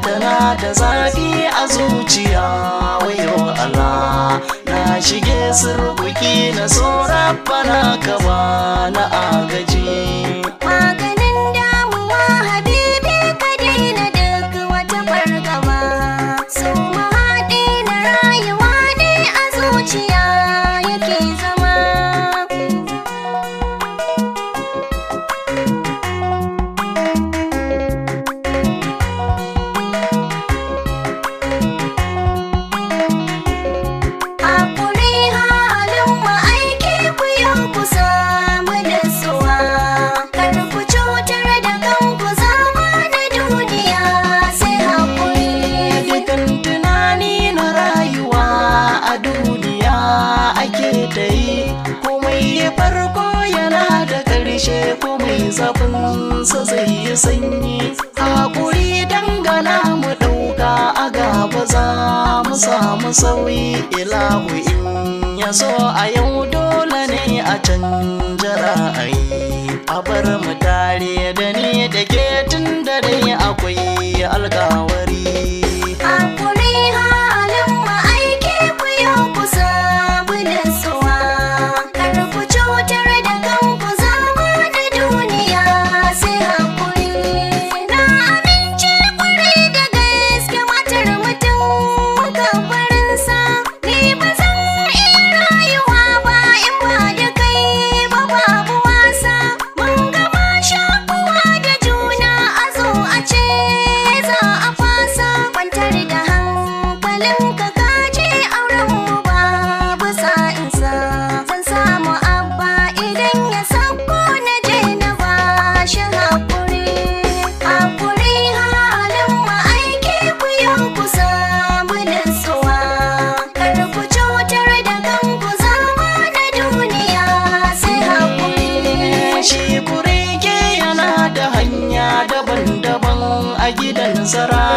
tana da zafi a zuciya wayo ala na shige sirri yi komai ya farko yana da karshe komai zafin sa zai yi sanyi hakuri dangana mu ɗauka a gaba za mu samu sauyi ilahu in ya so a yau dole ne a canja ra'ayi a bar mu tare da ni da ke tun da dai akwai alkawa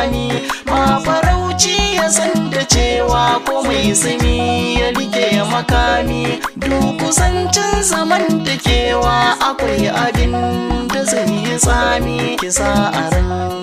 rani ma farauci ya san da cewa komai sani ya rike makami duk kusancin zaman da kewa akwai abin da zai yi tsami kisa a ran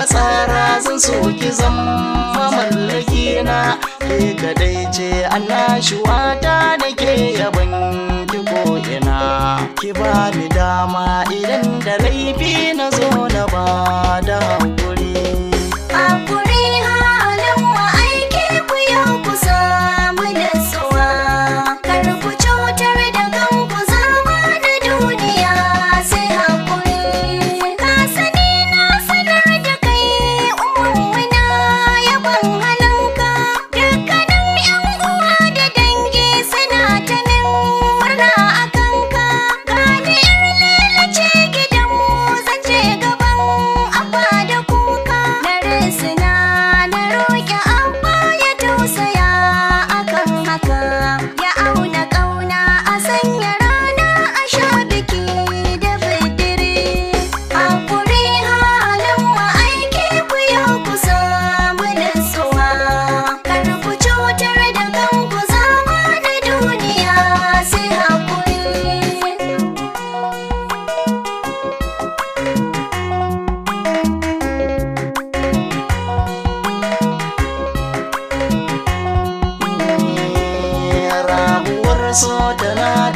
kika tsara zan so ki zama mallaki na ke kadai ce annashuwa ta nake yaban ki ko ina ki ba ni dama idan da laifi na zo na ba da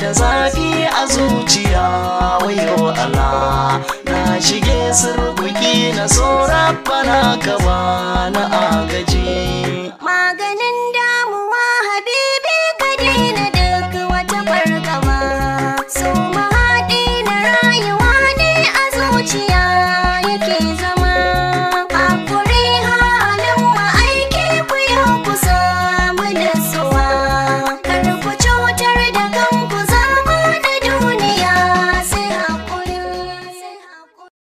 da zafi a zuciya wayo ala na shige surkuki na so Bala ka na agaji maganin da